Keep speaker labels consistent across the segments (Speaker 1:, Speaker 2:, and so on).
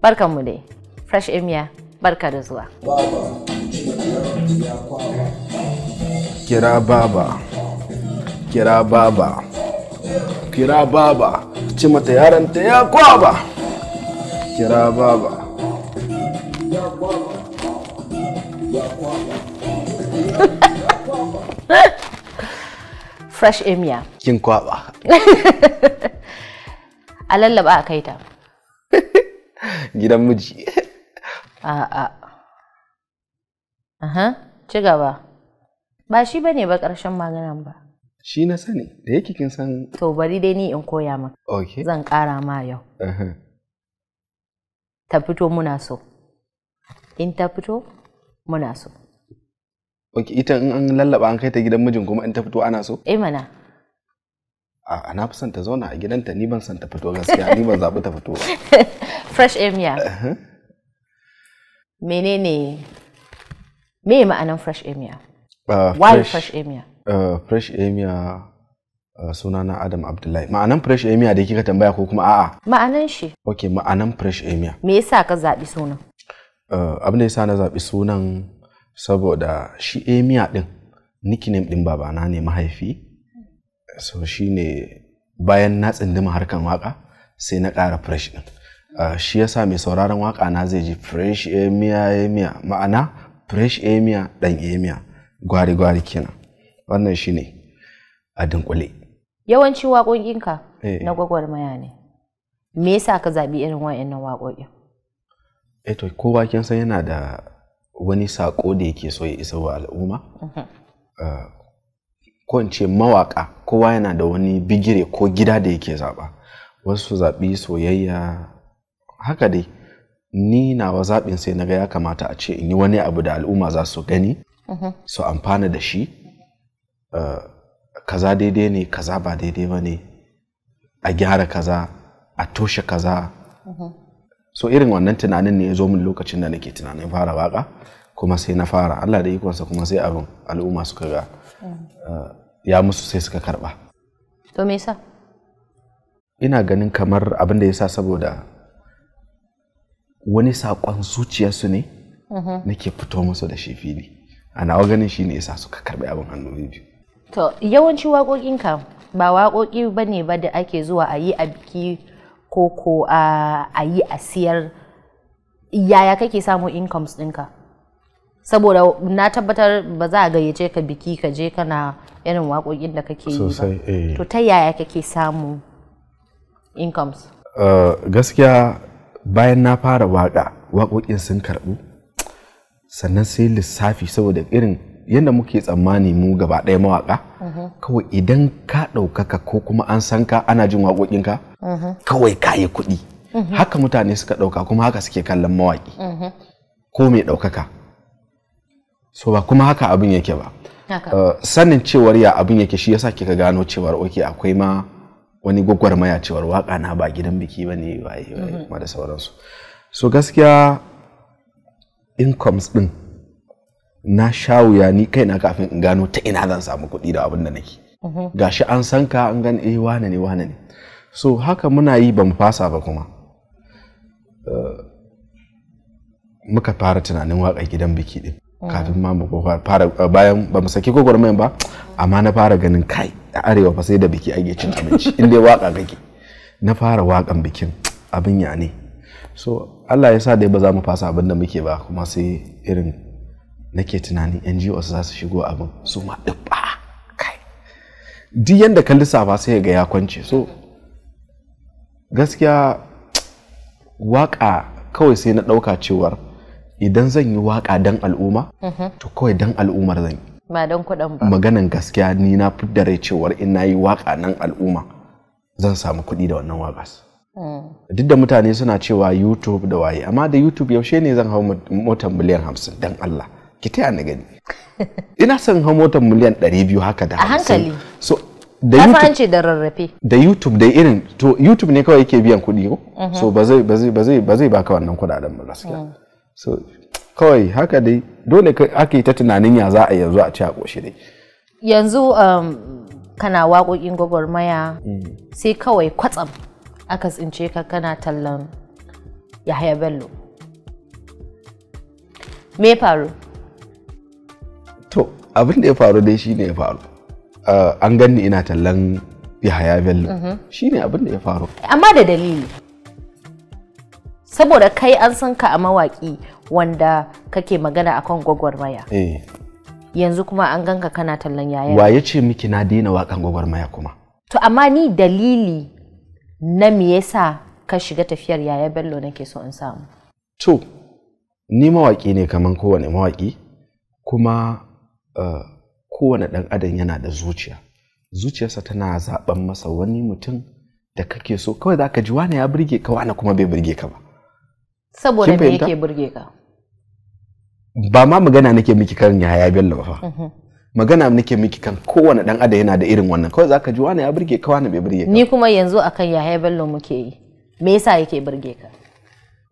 Speaker 1: Barkanmu dai. Fresh Emia, barka da zuwa.
Speaker 2: kira baba, kira baba, kira baba, ci mata yaranta ya kwaba. Kira baba.
Speaker 1: Fresh Emia.
Speaker 2: Kin kwaba.
Speaker 1: A lallaba a kaita.
Speaker 2: gidan miji
Speaker 1: a'a aha ci gaba ba shi bane ba ƙarshen maganan ba
Speaker 2: shi na sani da yake kin san
Speaker 1: to bari dai ni in koya maka
Speaker 2: okay. zan
Speaker 1: ƙara ma yau ta fito muna so in ta fito muna so
Speaker 2: Ok, ita in an lallaba an kai ta gidan mijin kuma in ta fito ana so? Eh mana. A na fi son ta zauna a gidanta ni ban son ta fito gaskiya ni ban zaɓi ta fito ba.
Speaker 1: fresh emia uh-huh. menene me ma'anan fresh emia
Speaker 2: uh, why fresh emia fresh emia suna na adam abdullahi ma'anan fresh emia da kika tambaya ko kuma a'a
Speaker 1: ma'anan shi
Speaker 2: ok ma'anan fresh emia
Speaker 1: me yasa ka zaɓi sunan
Speaker 2: uh, abin da yasa na zaɓi sunan saboda shi emia din nickname din babana ne mahaifi so shine bayan na tsindima harkan waka sai na ƙara fresh din Ah, shi yasa mai sauraron waka na zai ji fresh emia emia ma'ana fresh emia dan emia gwari gwari kina wannan shine a dunkule
Speaker 1: yawanci waƙoƙinka eh. na gwagwarmaya ne me yasa ka zabi irin wa'annan waƙoƙin
Speaker 2: eto eh kowa kin san yana da wani sako da yake so ya isa wa al'umma mhm. ah, ko in ce mawaka kowa yana da wani bigire ko gida da yake zaba wasu zaɓi soyayya haka dai ni nawa zaɓin sai na ga ya kamata a ce in yi wani abu da al'umma za su gani mhm. su amfana da shi eh, kaza daidai ne kaza ba daidai ba ne a gyara kaza a toshe kaza mhm. so irin wannan tunanin ne ya zo min lokacin da nake tunanin fara waka kuma sai na fara Allah da ikonsa kuma sai abin al'umma suka ga mm. eh, ya musu sai suka karba to me yasa ina ganin kamar abin da yasa saboda wani saƙon zuciyarsu ne mm-hmm. nake fito musu da shi fili a nawa ganin shi ne yasa suka karɓi abin hannu biyu
Speaker 1: to yawanci waƙoƙinka ba waƙoƙi ba ne ba da ake zuwa a yi a biki ko ko a yi a siyar yaya kake samu incomes ɗinka saboda na tabbatar ba za a gayyace ka biki ka je kana irin waƙoƙin da kake yi ba eh. to ta yaya kake samu incomes
Speaker 2: eh, gaskiya bayan na fara waƙa waƙoƙin sun karɓu sannan sai lissafi saboda irin yadda muke tsammani mu gaba ɗaya mawaƙa mm-hmm. kawai idan ka ɗaukaka ko kuma an san ka ana jin ka mm-hmm. kawai ka yi kuɗi mm-hmm. haka mutane suka ɗauka kuma haka suke kallon
Speaker 1: mawaƙi
Speaker 2: ko mai ɗaukaka so ba kuma haka abin yake ba eh, sanin cewar ya abin yake shi yasa kika gano cewar oke akwai ma wani gwagwarmaya cewar waka na ba gidan biki ba ne waye mhm. kuma da sauransu so gaskiya incomes din na sha wuya ni kaina kafin in gano ta ina zan samu kuɗi da abin da nake
Speaker 3: mhm. gashi
Speaker 2: an san ka an gani eh wane ne wane ne so haka muna yi ba fasa ba kuma eh, muka fara tunanin waƙa gidan biki din mm. kafin ma mu fara bayan ba mu saki gwagwarmayan ba amma na fara ganin kai a arewa fa sai da biki ake cin abinci in dai waka kake na fara wakan bikin abin ya ne so Allah ya sa dai ba za mu fasa abin da muke ba kuma sai irin nake tunani. NGOs za su shigo abin su ma dubba ah, kai duk yanda ka lissafa sai ga ya kwance so gaskiya waka kawai sai na ɗauka cewar idan zan yi waka dan al'umma mm-hmm. to kawai dan al'ummar zan yi
Speaker 1: ba don kuɗin ba
Speaker 2: maganan gaskiya ni na fi dare rai cewar in na yi waka nan al'umma zan samu kuɗi da wannan wakas hmm. duk da mutane suna cewa youtube da waye amma da youtube yaushe ne zan hau motar miliyan hamsin dan allah ki taya ni gani ina son hau motar miliyan ɗari biyu haka da hankali so da YouTube
Speaker 1: da rarrafe
Speaker 2: da YouTube da irin to YouTube ne kawai yake biyan kuɗi ko mhm. so ba zai ba zai ba zai baka wannan kuɗaɗen ba gaskiya hmm. so kawai haka dai dole ake ta tunanin ya za a yanzu a ci a ƙoshi dai
Speaker 1: yanzu um, kana waƙoƙin gwagwarmaya mm. sai kawai kwatsam aka tsince ka kana tallan yahaya bello me faru
Speaker 2: to abin da ya faru dai shine ya faru uh, an ganni ina tallan yahaya bello mm-hmm. shine abin da ya faru
Speaker 1: amma da dalili saboda kai an san ka a mawaƙi wanda kake magana akan gwagwarmaya eh. yanzu kuma an ganka kana tallan yaya wa ya
Speaker 2: ce miki na daina wakan gwagwarmaya kuma
Speaker 1: to amma ni dalili na me yasa ka shiga tafiyar yaya bello nake so in samu
Speaker 2: to ni mawaki ne kaman kowane mawaki kuma eh, kowane ɗan adam yana da zuciya zuciyarsa tana zaben masa wani mutum da kake so kawai za ka ji wane ya burge ka wane kuma bai burge ka ba
Speaker 1: saboda me yake burge ka
Speaker 2: ba ma magana nake miki kan yaya bello ba fa mhm. magana nake miki kan kowane dan adam yana da irin wannan kawai zaka ji wani ya burge ka wani bai burge ka
Speaker 1: ni kuma yanzu akan yaya bello muke yi me yasa yake burge ka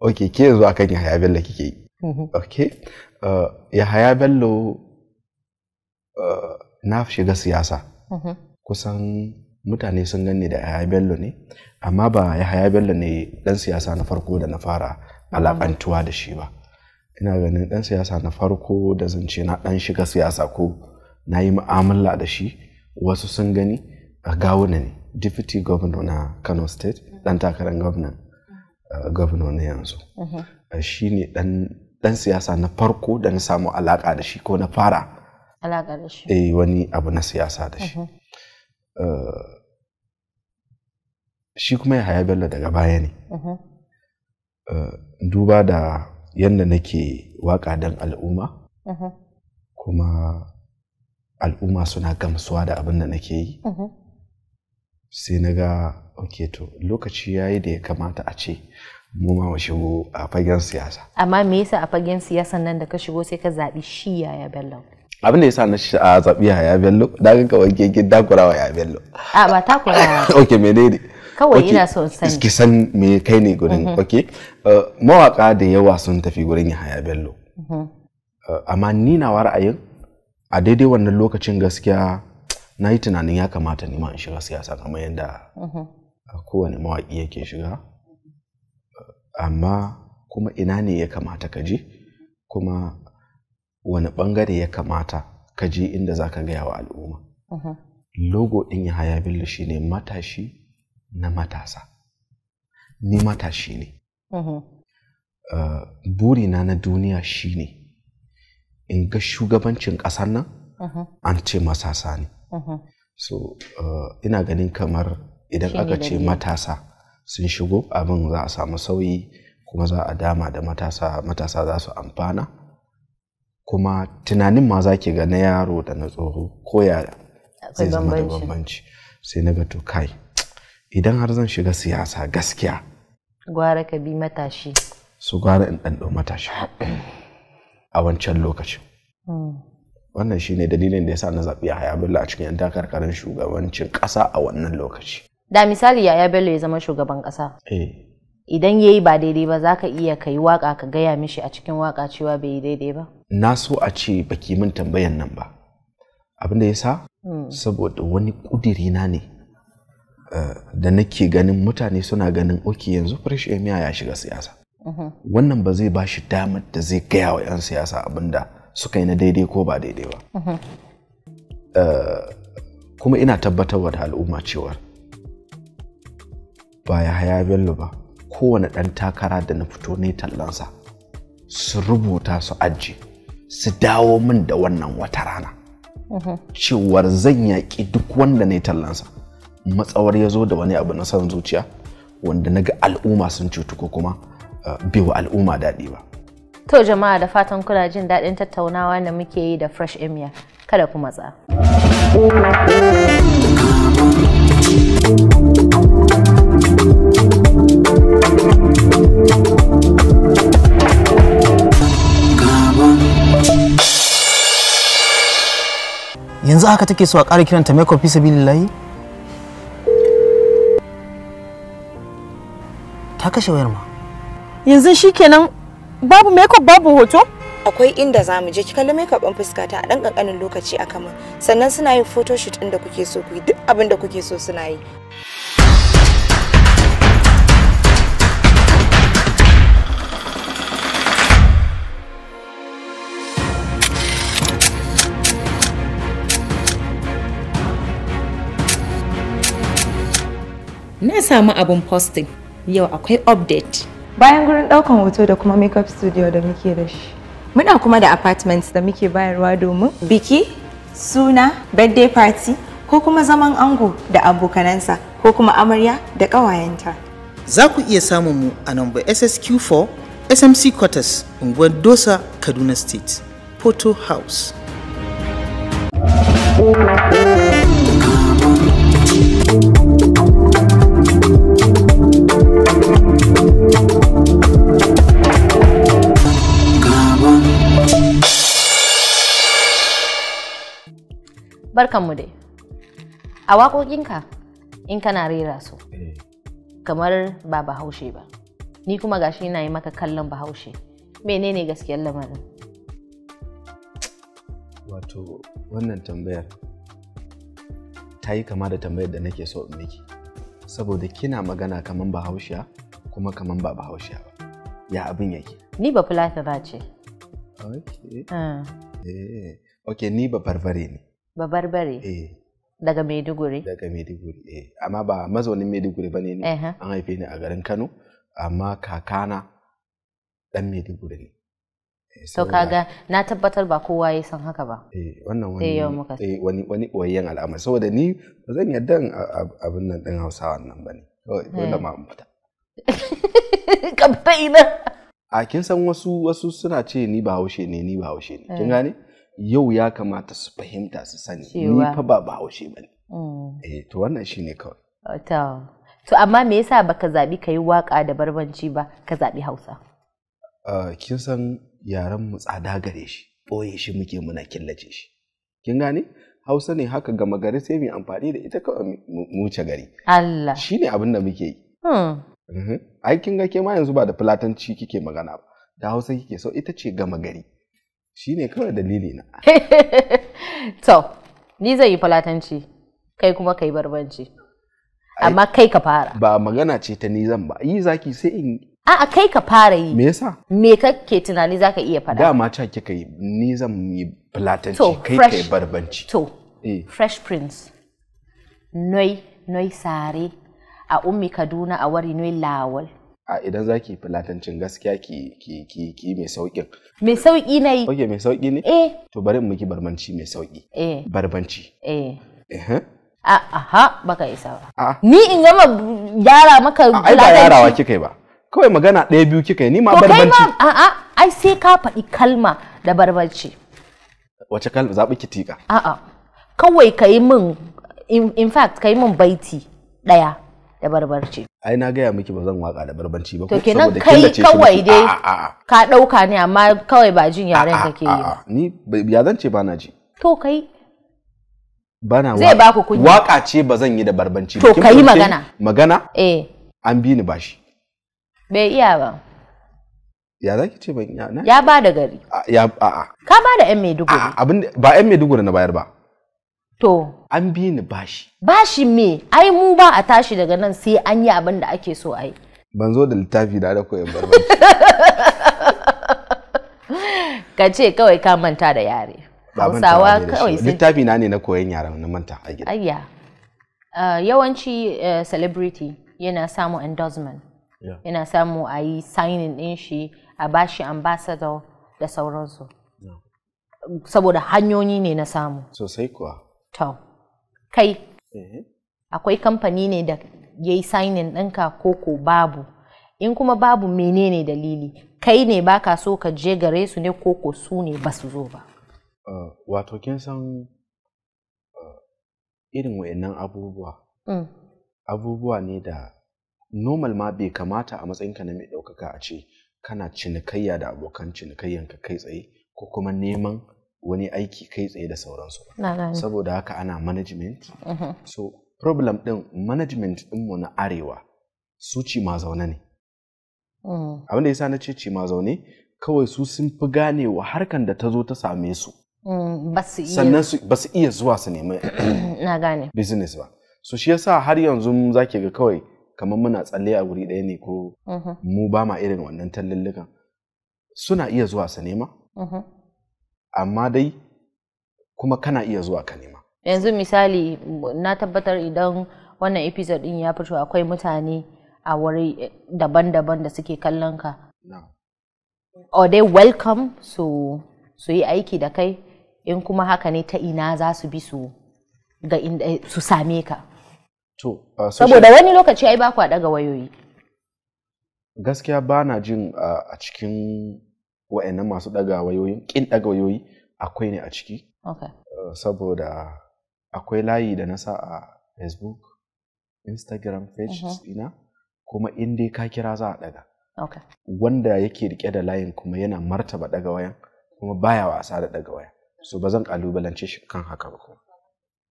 Speaker 2: okay ke yanzu akan yaya bello kike yi mhm. okay uh, yaya bello uh, na shiga siyasa mhm. kusan mutane sun ganni da yaya bello ne amma ba yaya bello ne dan siyasa na farko da na fara alakantuwa da shi ba ina ganin dan siyasa na farko da zance na dan shiga siyasa ko na yi mu'amala da shi wasu sun gani a gawuna ne deputy governor na kano state dan takarar governor governor na yanzu mhm. shi ne dan siyasa na farko da na samu alaƙa da shi ko na fara
Speaker 1: alaƙa da shi
Speaker 2: eh wani abu na siyasa da shi mhm. shi kuma ya haya bello daga baya ne mhm. duba da yadda nake waka don al'umma mm-hmm. kuma al'umma suna gamsuwa da abin da nake yi mm-hmm. sai na ga ok to lokaci ya yi da ya kamata a ce mu ma mu shigo a fagen siyasa
Speaker 1: amma me yasa a fagen siyasa nan da ka shigo sai ka zaɓi shi yaya bello
Speaker 2: abin da yasa na zaɓi yaya bello da ka kawai ke takurawa yaya bello
Speaker 1: a ba takurawa
Speaker 2: ok menene
Speaker 1: kawai ina so sani ki
Speaker 2: san me kai ne gurin mm-hmm. okay uh, mawaka da yawa sun tafi gurin Yahaya Bello mm-hmm. uh, amma ni nawa ra'ayin a daidai wannan lokacin gaskiya na yi tunanin ya kamata ne ma in shiga siyasa kamar yadda mm-hmm. uh, kowane mawaki yake shiga amma kuma ina ne ya kamata ka je kuma wani bangare ya kamata ka je inda za ka gaya wa al'umma logo ɗin ya haya bello shine matashi na matasa ni matashi ne mm-hmm. uh, burina na duniya shine in ga shugabancin ƙasar nan mm-hmm. an ce matasa ne mm-hmm. so uh, ina ganin kamar idan aka ce matasa sun shigo abin za a samu sauyi kuma za a dama da matasa matasa za su amfana kuma tunanin ma za ga na yaro da na tsoro ko zai zama da bambanci sai na ga to kai idan har zan shiga siyasa gaskiya
Speaker 1: gwara ka bi matashi
Speaker 2: su gwara in ɗanɗo matashi a wancan lokacin hmm. wannan shine dalilin da yasa na zaɓi haya Bello a cikin 'yan takarkarin shugabancin ƙasa a wannan lokaci.
Speaker 1: Da misali yaya Bello ya zama shugaban ƙasa. Eh. Idan ya yi ba daidai ba za ka iya ka yi waƙa ka gaya mishi a cikin waƙa cewa bai yi daidai ba.
Speaker 2: Na so a ce baki min tambayan nan ba. abinda da ya sa? Hmm. Saboda wani ƙudirina ne Eh, da nake ganin mutane suna ganin oke yanzu fresh emia ya shiga siyasa mhm. wannan ba zai ba shi damar da zai gaya wa 'yan siyasa abinda suka yi na daidai ko ba daidai ba mhm. eh, kuma ina tabbatar da al'umma cewar ba ya haya bello ba kowane ɗan takara da na fito ne tallansa su rubuta su aji su dawo min da wannan wata rana mhm. cewar zan yaƙi duk wanda ne tallansa matsawar ya zo da wani abu na san zuciya wanda na ga al'umma sun cutu ko kuma uh, bai wa al'umma daɗi ba.
Speaker 1: To jama'a da fatan kuna jin daɗin tattaunawa da muke yi da Fresh Emir kada ku matsa.
Speaker 2: Yanzu haka take so a ƙara kiranta Meko Fi Sabilillahi? ka kashe wayar ma
Speaker 3: yanzu shikenan babu makeup babu hoto akwai inda za mu je ki kalli makeup ɗin fuska ta a ɗan ƙanƙanin lokaci a kama sannan suna yin shoot ɗin da kuke so ku yi duk abin da kuke so suna yi Na samu abin posting yau akwai update bayan gurin daukan hoto da kuma makeup studio da muke da shi muna kuma da apartments da muke bayarwa domin biki suna birthday party ko kuma zaman ango da abokanansa ko kuma amarya da ƙawayenta
Speaker 2: za ku iya samun mu a number ssq4 smc quarters unguwar dosa kaduna state photo house
Speaker 1: Barkanmu dai, a waƙoƙinka in kana rera su, kamar ba bahaushe ba, ni kuma gashi na yi maka kallon bahaushe, menene gaskiyar lamarin?
Speaker 2: Wato, wannan tambayar ta yi kama da tambayar da nake so in miki, saboda kina magana kamar bahaushe. kuma kaman ba bahaushe ba ya abin yake
Speaker 1: ni ba fulata ba ce
Speaker 2: okay mm. eh okay ni ba barbare ne
Speaker 1: ba barbare
Speaker 2: eh daga maiduguri daga maiduguri eh amma ba mazaunin maiduguri ba ne ni an haife ni a garin kano amma kakana dan maiduguri ne
Speaker 1: So eh, kaga na tabbatar ba kowa ya san haka ba
Speaker 2: eh wannan wani eh wani wani boyayyen al'amari saboda ni ba zan yarda abin nan din Hausawa nan bane dole eh. ma mu fita
Speaker 1: ka ina
Speaker 2: a kin san wasu wasu suna ce ni ba haushe ne ni ba haushe ne kin eh. gane yau ya kamata su fahimta su sani ni fa ba ba haushe bane mm. eh to wannan shine kawai
Speaker 1: oh, to to amma me yasa baka zabi kai waka da barbanci ba ka zabi Hausa
Speaker 2: kin san yaran mu tsada gare shi boye shi muke muna killace shi kin gane Hausa ne haka gama gari sai mu amfani da ita kawai mu gari Allah shine abin da muke yi hmm. Mhm. aikin ga ke ma yanzu ba da filatanci kike magana ba da hausa kike so ita ce gama gari shine kawai dalili na
Speaker 1: to ni zai yi filatanci kai kuma kai barbanci
Speaker 2: amma kai ka fara ba magana ce ta ni zan ba yi zaki sai in
Speaker 1: a'a kai ka fara yi me yasa me kake tunani zaka iya fada dama
Speaker 2: ta kika yi ni zan yi filatanci kai kai barbanci to eh. fresh prince
Speaker 1: noi noi sare a ummi kaduna a wari ne lawal
Speaker 2: a idan za ki filatancin gaskiya ki ki ki ki mai sauƙin.
Speaker 1: Mai sauƙi na yi.
Speaker 2: Ok mai sauƙi ne? Eh. To bari mu miki barbanci mai sauƙi. Eh. Barbanci. Eh. Eh.
Speaker 1: Aha baka isa ba. Ni in gama gyara maka filatanci. Ai ba yarawa
Speaker 2: kika yi ba. Kawai magana ɗaya biyu kika yi ni ma barbanci. To kai
Speaker 1: ma a'a ai sai ka faɗi kalma da barbanci.
Speaker 2: Wace kalma zaɓi ki tiƙa.
Speaker 1: A'a kawai ka yi min in fact ka yi min baiti ɗaya.
Speaker 2: da barbarci. Ai na gaya miki ba zan waka da barbarci ba. To kenan kai kawai dai
Speaker 1: ka ɗauka ne amma kawai ba jin yaren
Speaker 2: kake yi. Ni ya zan ce bana ji. To kai. Bana waka. Zai baku kunya. Waka ce ba zan yi da ba. To kai magana. Magana? Eh. An bi ni bashi.
Speaker 1: Bai iya ba.
Speaker 2: ya za ki ce ba? ya ba da gari ya a'a
Speaker 1: ka ba da yan maiduguri
Speaker 2: abin ba yan maiduguri na bayar ba To. An bi ni bashi.
Speaker 1: Bashi me? Ai mu ba a tashi daga nan sai an yi abin da ake so a yi.
Speaker 2: Ban zo da littafi da da koyan barbanci.
Speaker 1: Ka ce kawai ka manta da yare. Hausawa kawai sai.
Speaker 2: Littafi na ne na koyan yara na manta a
Speaker 1: gida. Ayya. Uh, yawanci uh, celebrity yana samu endorsement. Yana samu a yi signing ɗin shi a bashi ambassador da sauransu. Saboda hanyoyi ne na samu.
Speaker 2: Sosai kuwa.
Speaker 1: To, kai, eh. akwai kamfani ne da ya yi signing ɗinka ko ko babu, in kuma babu menene dalili, kai ne ba ka so ka je gare su ne ko ko su ne ba su zo ba.
Speaker 2: Eh, wato kin san eh, irin wa'annan abubuwa, mm. abubuwa ne da normal ma bai kamata a matsayinka na mai ɗaukaka a ce kana cinikayya da abokan cinikayyanka kai tsaye ko kuma neman wani aiki kai tsaye da sauransu saboda haka ana management mm-hmm. so problem din management mu na arewa su ci ma zaune ne mm. abin da yasa na ce ci ma zaune kawai su sun fi ganewa harkan da ta zo ta same su
Speaker 1: mm, sannan
Speaker 2: ba su iya zuwa su nemi business ba so shi yasa har yanzu za ke ga kawai kamar muna tsalle a wuri ɗaya ne ko mm-hmm. mu ba ma irin wannan tallallukan suna iya zuwa su nema mm-hmm. amma dai kuma kana iya zuwa ka nema
Speaker 1: yanzu misali na tabbatar idan wannan episode din ya fito akwai mutane a wuri daban-daban da suke kallon ka no. or they welcome su su yi aiki da kai in kuma haka ne ta ina za su bi su ga inda su same ka
Speaker 2: to uh, saboda wani
Speaker 1: lokaci ai ba kwa daga wayoyi
Speaker 2: gaskiya ba na jin a cikin wa'annan masu ɗaga wayoyin ƙin ɗaga wayoyi akwai ne a ciki eh, saboda akwai layi da na sa a facebook instagram page mhm. ina kuma in dai ka kira za a ɗaga wanda yake rike da layin kuma yana martaba ɗaga wayan kuma baya wasa da ɗaga waya so ba zan ƙalubalance shi kan haka ba kuma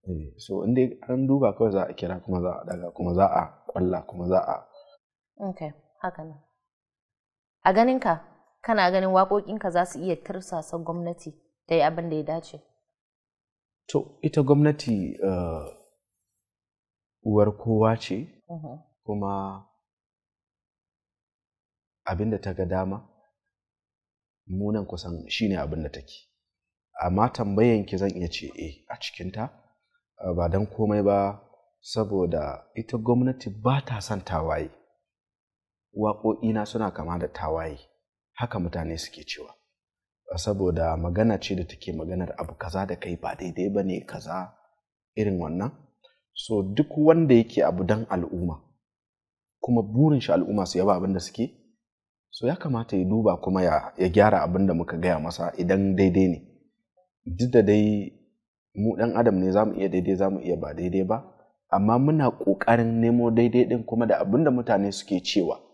Speaker 2: eh, so in dai an duba kawai za a kira kuma za a ɗaga kuma za a kwalla kuma za a
Speaker 1: okay haka ne a ganinka kana ganin waƙoƙinka za su iya tirsasa gwamnati ta yi abin da ya dace
Speaker 2: to ita gwamnati eh, uwar kowa ce mm-hmm. kuma abin da ta ga dama munan kusan shi ne abin da take amma tambayanki zan iya ce e a cikinta eh, ba don komai ba saboda ita gwamnati ba ta son tawaye waƙoƙina suna kama da tawaye haka mutane suke cewa saboda magana ce da take maganar abu kaza da kai ba daidai ba ne kaza irin wannan so duk wanda yake abu dan al'umma kuma burin shi al'umma su yaba abin da suke so ya kamata ya duba kuma ya, gyara abin da muka gaya masa idan daidai ne duk da dai mu dan adam ne zamu iya daidai zamu iya ba daidai ba amma muna ƙoƙarin nemo daidai din kuma da abin da mutane suke cewa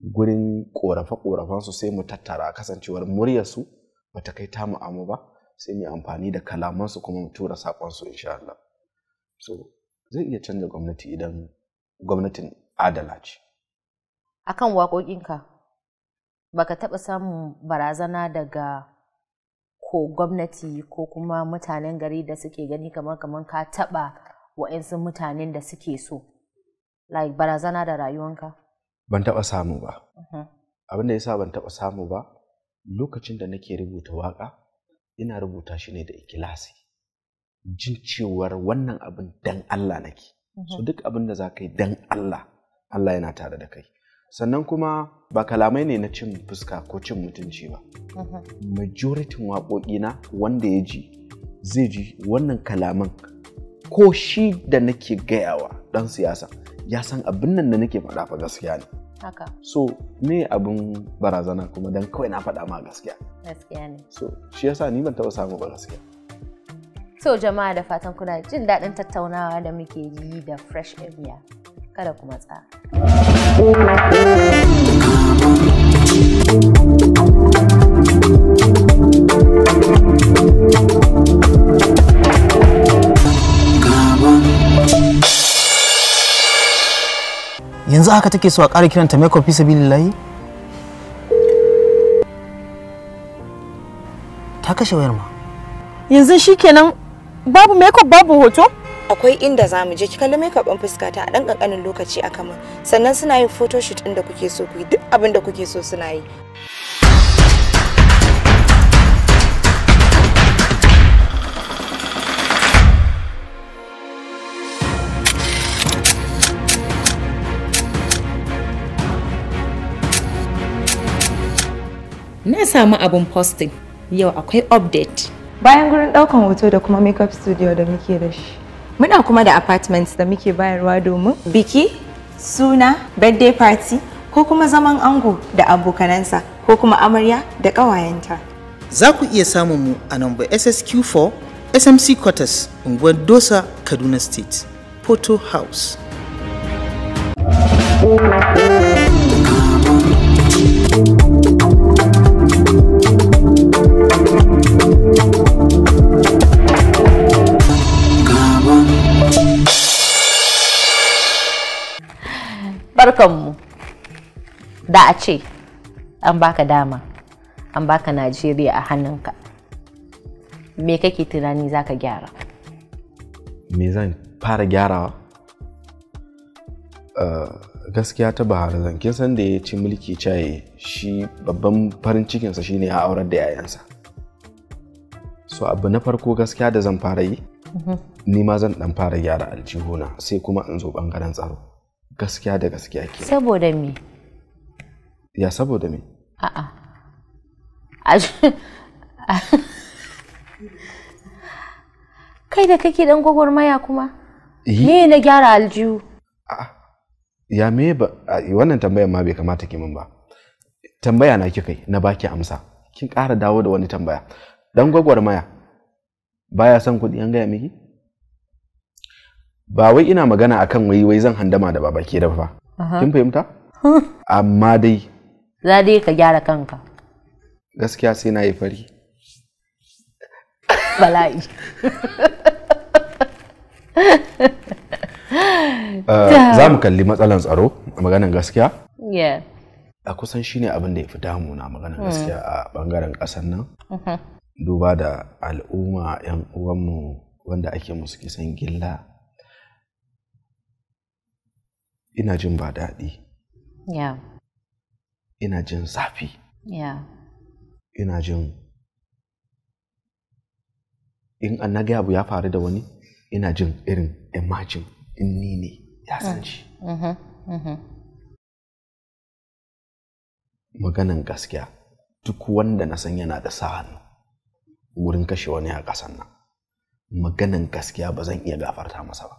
Speaker 2: gurin ƙorafe su sai mu tattara a kasancewar muryarsu ba ta kai ta amu ba sai mu amfani da kalamansu kuma mu tura saƙonsu insha Allah. So zai iya canza gwamnati idan gwamnatin adala ce.
Speaker 1: Akan waƙoƙinka baka taɓa samun barazana daga ko gwamnati ko kuma mutanen gari da suke gani kamar kamar ka taɓa wa'insu mutanen da suke so like barazana da rayuwanka
Speaker 2: ban taɓa samu ba uh-huh. abin da ya sa ban taɓa samu ba lokacin da nake rubuta waƙa ina rubuta shi ne da ikilasi jin cewar wannan abin dan Allah nake so uh-huh. duk abin da za ka yi dan Allah Allah yana tare da kai sannan kuma ba kalamai ne na cin fuska ko cin mutunci ba uh-huh. majoritin na wanda ya ji zai ji wannan kalaman ko shi da nake gayawa dan siyasa ya san abin nan da nake faɗa fa gaskiya ne haka so me abin barazana kuma dan kawai na faɗa ma gaskiya gaskiya ne so shi yasa ni ban taɓa samu ba gaskiya
Speaker 1: so jama'a da fatan kuna jin daɗin tattaunawa da muke yi da fresh area kada kuma matsa
Speaker 2: yanzu haka take so a ƙara kiranta mai kofi sabilillahi ta kashe wayar ma
Speaker 3: yanzu shikenan babu makeup babu hoto akwai inda za mu je ki kalli makeup ɗin fuska ta a ɗan ƙanƙanin lokaci a kama sannan suna yin photoshoot ɗin da kuke so ku yi duk abin da kuke so suna yi na samu abin posting yau akwai update bayan gurin daukan hoto da kuma makeup studio da muke da shi muna kuma da apartments da muke bayarwa domin biki suna birthday party ko kuma zaman ango da abokanansa ko kuma amarya da ƙawayenta
Speaker 2: za ku iya samun mu a number ssq4 smc quarters unguwar dosa kaduna state photo house
Speaker 1: barkanmu da a ce an baka dama an baka najeriya a hannunka me kake tunani za ka gyara
Speaker 2: me zan fara gyarawa eh, gaskiya ta bahar zan kin san da ya ci mulki caye shi babban farin cikinsa shine a aurar da yayansa so abu na farko gaskiya da zan fara yi mhm. ni ma zan dan fara gyara aljihuna sai kuma in zo bangaren tsaro gaskiya da gaskiya ke
Speaker 1: saboda me
Speaker 2: ya saboda me
Speaker 1: a'a kai da kake dan gwagwarmaya kuma eh. me na gyara aljihu
Speaker 2: ya me ba wannan tambayar ma bai kamata ki min ba tambaya na kikai na baki amsa kin ƙara dawo da wani tambaya dan gwagwarmaya baya son kuɗi an gaya miki ba wai ina magana akan wai wai zan handama da baba ke dafa kin fahimta amma dai
Speaker 1: za dai ka gyara kanka
Speaker 2: gaskiya sai na yi fari
Speaker 1: bala'i eh, za mu
Speaker 2: kalli matsalan tsaro a maganin gaskiya a kusan shine abin da ya fi damuna maganin gaskiya hmm. a bangaren ƙasar nan mhm. duba da al'umma 'yan uwanmu wanda ake musu kisan gilla ina jin ba daɗi ina jin zafi ina jin in an na abu ya faru da wani ina jin irin imajin in ni ne
Speaker 1: ya san mm. mm-hmm. Mm-hmm.
Speaker 2: maganan gaskiya duk wanda na san yana da sa'an wurin kashe wani a ƙasan nan maganan gaskiya ba zan iya gafarta masa ba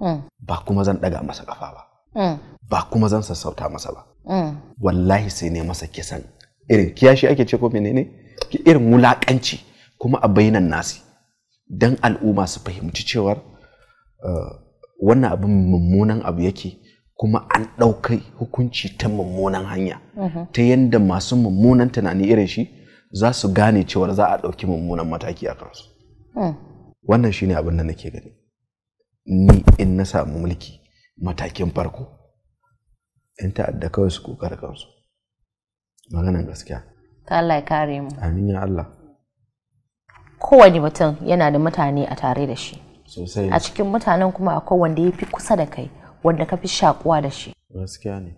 Speaker 2: mm. ba kuma zan ɗaga masa ƙafa ba Mm. ba kuma zan sassauta masa ba mm. wallahi sai ne masa kisan irin kiyashi ake ce ko menene irin wulaƙanci. kuma a bainan nasi don al'umma su fahimci cewar eh, wannan abin mummunan abu yake kuma an ɗaukai hukunci ta mummunan hanya mm-hmm. ta yadda masu mummunan tunani irin shi za su gane cewar za a ɗauki mummunan mataki a kansu mm. wannan shi ne abin da nake gani ni in na samu mulki matakin farko in ta'adda kawai su kokar kansu maganan gaskiya
Speaker 1: ta Allah ya kare mu
Speaker 2: amin ya Allah
Speaker 1: kowane mutum yana da mutane a tare da shi sosai a cikin mutanen kuma akwai wanda ya fi kusa da kai wanda ka fi shakuwa da shi
Speaker 2: gaskiya ne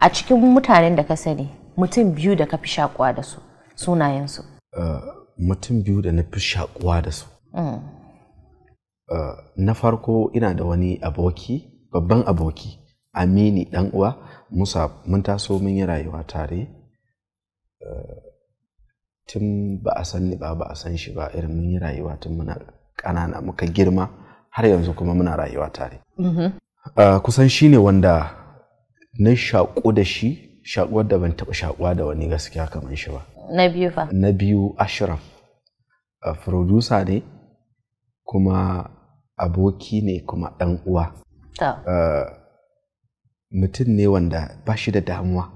Speaker 1: a cikin mutanen da ka sani mutum biyu da ka fi shakuwa da su sunayensu
Speaker 2: uh, mutum biyu da na fi shakuwa da su mm. Eh, na farko ina da wani aboki babban aboki amini dan uwa musa mun taso mun yi rayuwa tare eh, tun ba a san ni ba ba a san shi ba irin mun yi rayuwa tun muna ƙanana muka girma har yanzu kuma muna rayuwa tare mm-hmm. eh, kusan shi ne wanda na shaƙo da shi shaƙuwar da ban taɓa shaƙuwa da wani gaskiya kamar shi ba na biyu fa na biyu ashraf producer ne kuma aboki ne kuma ɗan uwa eh, mutum ne wanda ba shi da damuwa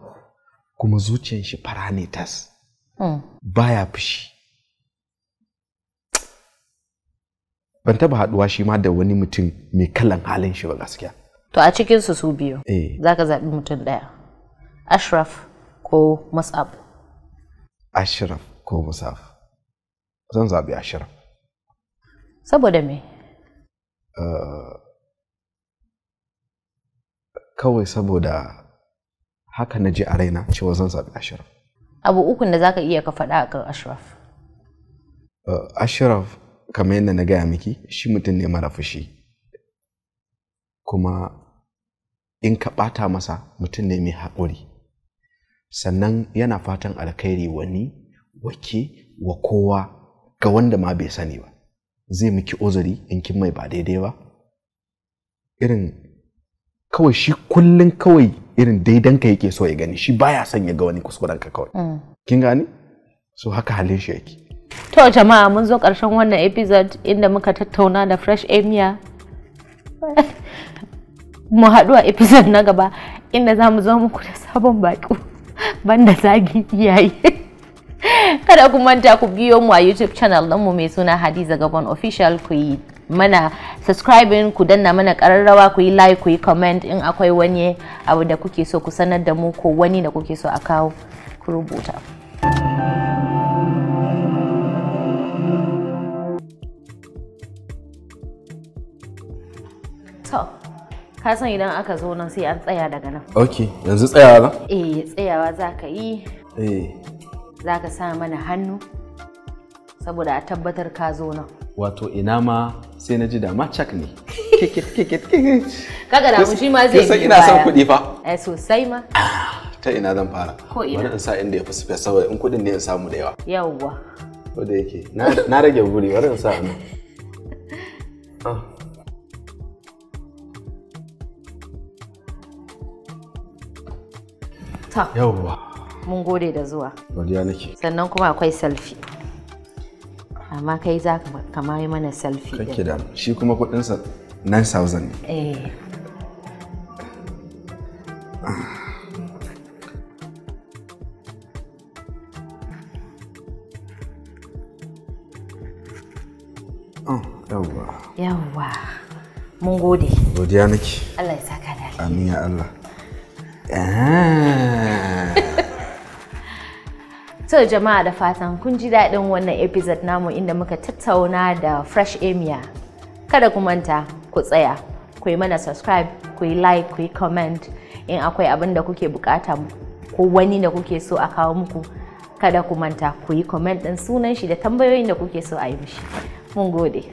Speaker 2: kuma zuciyar shi fara ne tas hmm. baya fushi ban taba haduwa shi ma da wani mutum mai kalan halin shi ba gaskiya
Speaker 1: to a cikin su su biyu eh. ka zaɓi mutum ɗaya ashraf ko musab
Speaker 2: ashraf ko musab zan zaɓi ashraf
Speaker 1: saboda me
Speaker 2: Eh, kawai saboda haka na ji a raina cewa zan zaɓi ashraf
Speaker 1: abu ukun da zaka iya ka faɗa a kan ashraf
Speaker 2: eh, ashraf kamar yadda na gaya miki shi mutum ne mara fushi kuma in ka ɓata masa mutum ne mai haƙuri sannan yana fatan alkhairi wani wake wa kowa ga wanda ma bai sani ba zai miki uzuri in kin mai ba daidai ba irin kawai shi kullum kawai irin daidan ka yake so ya gani shi baya son ya ga wani kuskuren ka kawai mm. kin gani so haka halin shi yake
Speaker 1: to jama'a mun zo karshen wannan episode inda muka tattauna da fresh emia mu haɗu a episode na gaba inda za mu zo muku da sabon baƙo banda zagi yayi kada ku manta ku biyo mu a youtube channel mu mai suna hadiza gabon official ku yi mana subscribing ku danna mana kararrawa ku yi like ku yi comment in akwai wani abu da kuke so ku sanar da mu ko wani da kuke so a kawo ku rubuta ka san idan aka zo nan sai an tsaya daga nan ok yanzu tsayawa na. eh tsayawa za ka yi eh. za ka sa mana hannu saboda a tabbatar ka zo nan
Speaker 2: wato ina ma sai na ji da ma cak ne kikit kikit
Speaker 1: kikit kaga da shi ma zai yi ina son kuɗi fa eh sosai ma
Speaker 2: ta ina zan fara ko ina Wani in sa inda ya fi space saboda in kuɗin ne in samu da yawa yawwa ko da yake na rage buri bari in sa nan ah. yawwa
Speaker 1: mun gode da zuwa
Speaker 2: godiya nake
Speaker 1: sannan kuma akwai selfie amma kai za ka ma yi mana selfie kake da
Speaker 2: shi kuma kudinsa 9000 ne eh ah, yawwa
Speaker 1: yawwa mun gode
Speaker 2: godiya nake Allah ya saka da amin ya Allah ah.
Speaker 1: So jama'a da fatan kun ji daɗin wannan episode namu inda muka tattauna da Fresh Emia. Kada ku manta ku tsaya, ku yi mana subscribe, ku yi like, ku yi comment in akwai abin da kuke bukata ko wani da kuke so a kawo muku. Kada ku manta ku yi comment ɗin sunan shi da tambayoyin da kuke so a yi mishi. Mun gode.